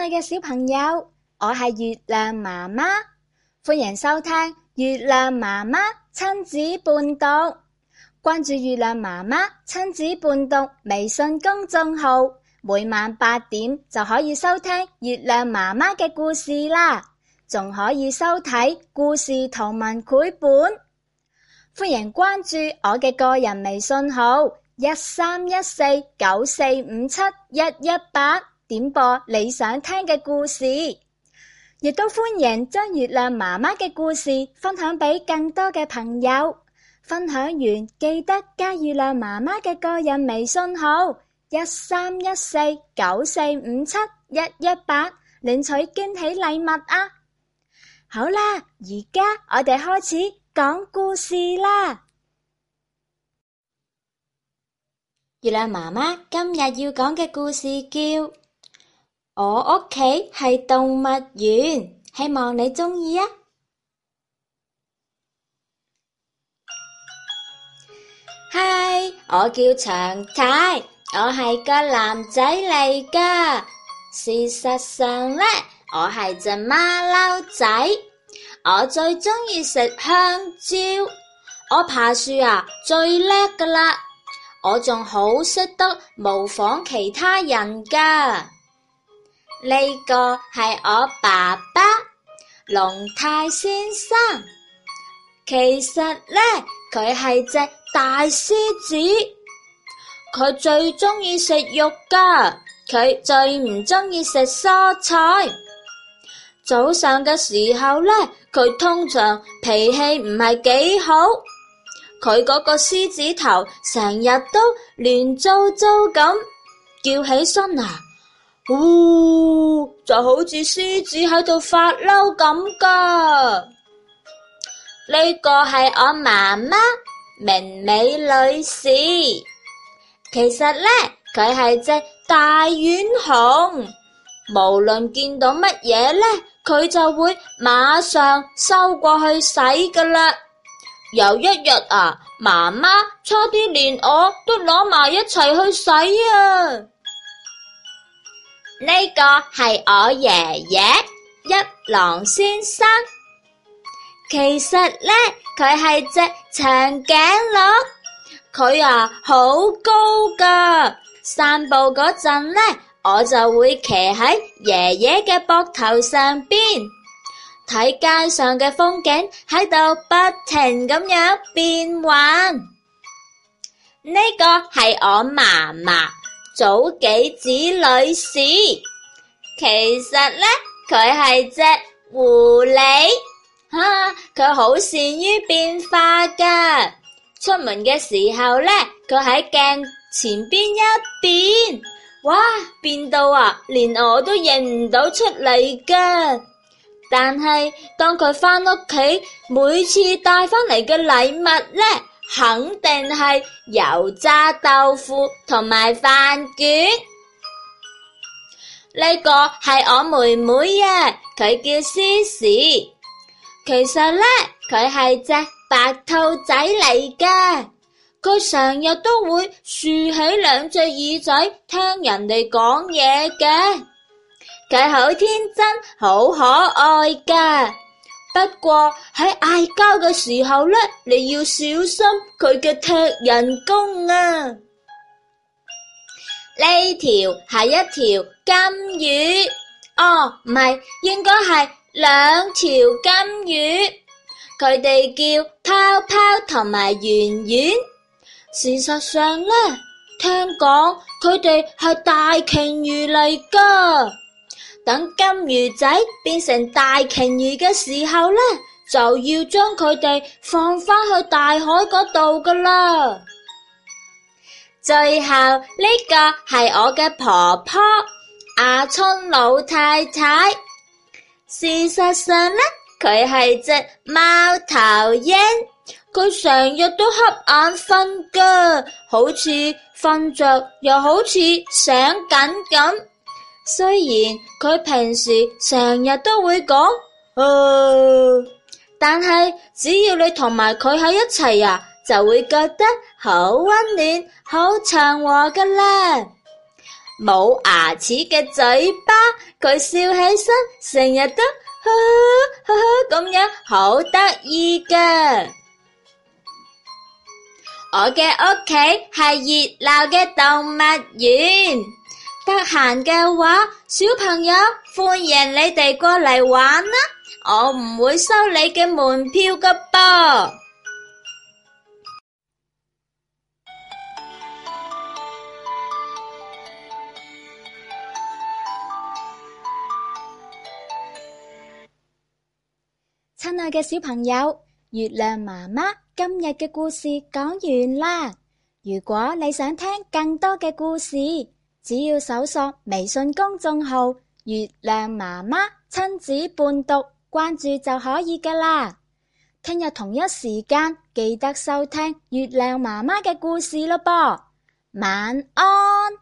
親愛嘅小朋友，我係月亮媽媽，歡迎收聽月亮媽媽親子伴讀。關注月亮媽媽親子伴讀微信公眾號，每晚八點就可以收聽月亮媽媽嘅故事啦，仲可以收睇故事圖文繪本。歡迎關注我嘅個人微信號一三一四九四五七一一八。點播你想聽嘅故事，亦都歡迎將月亮媽媽嘅故事分享俾更多嘅朋友。分享完記得加月亮媽媽嘅個人微信號一三一四九四五七一一八，領取驚喜禮物啊！好啦，而家我哋開始講故事啦。月亮媽媽今日要講嘅故事叫。我屋企係動物園，希望你中意啊！嗨，我叫長太，我係個男仔嚟噶。事實上呢，我係隻馬騮仔。我最中意食香蕉。我爬樹啊，最叻噶啦！我仲好識得模仿其他人噶。呢個係我爸爸龍太先生，其實呢，佢係隻大獅子，佢最鍾意食肉㗎，佢最唔鍾意食蔬菜。早上嘅時候呢，佢通常脾氣唔係幾好，佢嗰個獅子頭成日都亂糟糟咁叫起身啊！嗚、哦，就好似獅子喺度發嬲咁噶。呢個係我媽媽明美女士，其實呢，佢係隻大浣熊，無論見到乜嘢呢，佢就會馬上收過去洗噶啦。有一日啊，媽媽差啲連我都攞埋一齊去洗啊！呢個係我爺爺一郎先生，其實呢，佢係隻長頸鹿，佢啊好高噶，散步嗰陣呢，我就會騎喺爺爺嘅膊頭上邊，睇街上嘅風景喺度不停咁樣變幻。呢個係我嫲嫲。早幾子女士，其實呢，佢係隻狐狸，吓、啊、佢好善於變化噶。出門嘅時候呢，佢喺鏡前邊一變，哇變到啊，連我都認唔到出嚟噶。但係當佢返屋企，每次帶返嚟嘅禮物呢。肯定係油炸豆腐同埋飯卷。呢、這個係我妹妹呀，啊，佢叫思思。其實咧，佢係隻白兔仔嚟嘅。佢成日都會豎起兩隻耳仔聽人哋講嘢嘅。佢好天真，好可愛噶。不過喺嗌交嘅時候咧，你要小心佢嘅踢人功啊！呢條係一條金魚，哦，唔係，應該係兩條金魚。佢哋叫泡泡同埋圓圓。事實上咧，聽講佢哋係大鯨魚嚟㗎。等金魚仔變成大鯨魚嘅時候呢，就要將佢哋放返去大海嗰度噶啦。最後呢個係我嘅婆婆阿春老太太。事實上呢，佢係隻貓頭鷹，佢成日都瞌眼瞓㗎，好似瞓着又好似醒緊咁。雖然佢平時成日都會講呵，但係只要你同埋佢喺一齊啊，就會覺得好溫暖、好祥和噶啦。冇牙齒嘅嘴巴，佢笑起身成日都呵呵呵呵咁樣，好得意噶。我嘅屋企係熱鬧嘅動物園。得閒嘅話，小朋友歡迎你哋過嚟玩啦，我唔會收你嘅門票㗎噃。親愛嘅小朋友，月亮媽媽今日嘅故事講完啦。如果你想聽更多嘅故事，只要搜索微信公眾號《月亮媽媽親子伴讀》，關注就可以㗎啦。聽日同一時間記得收聽月亮媽媽嘅故事咯，噃。晚安。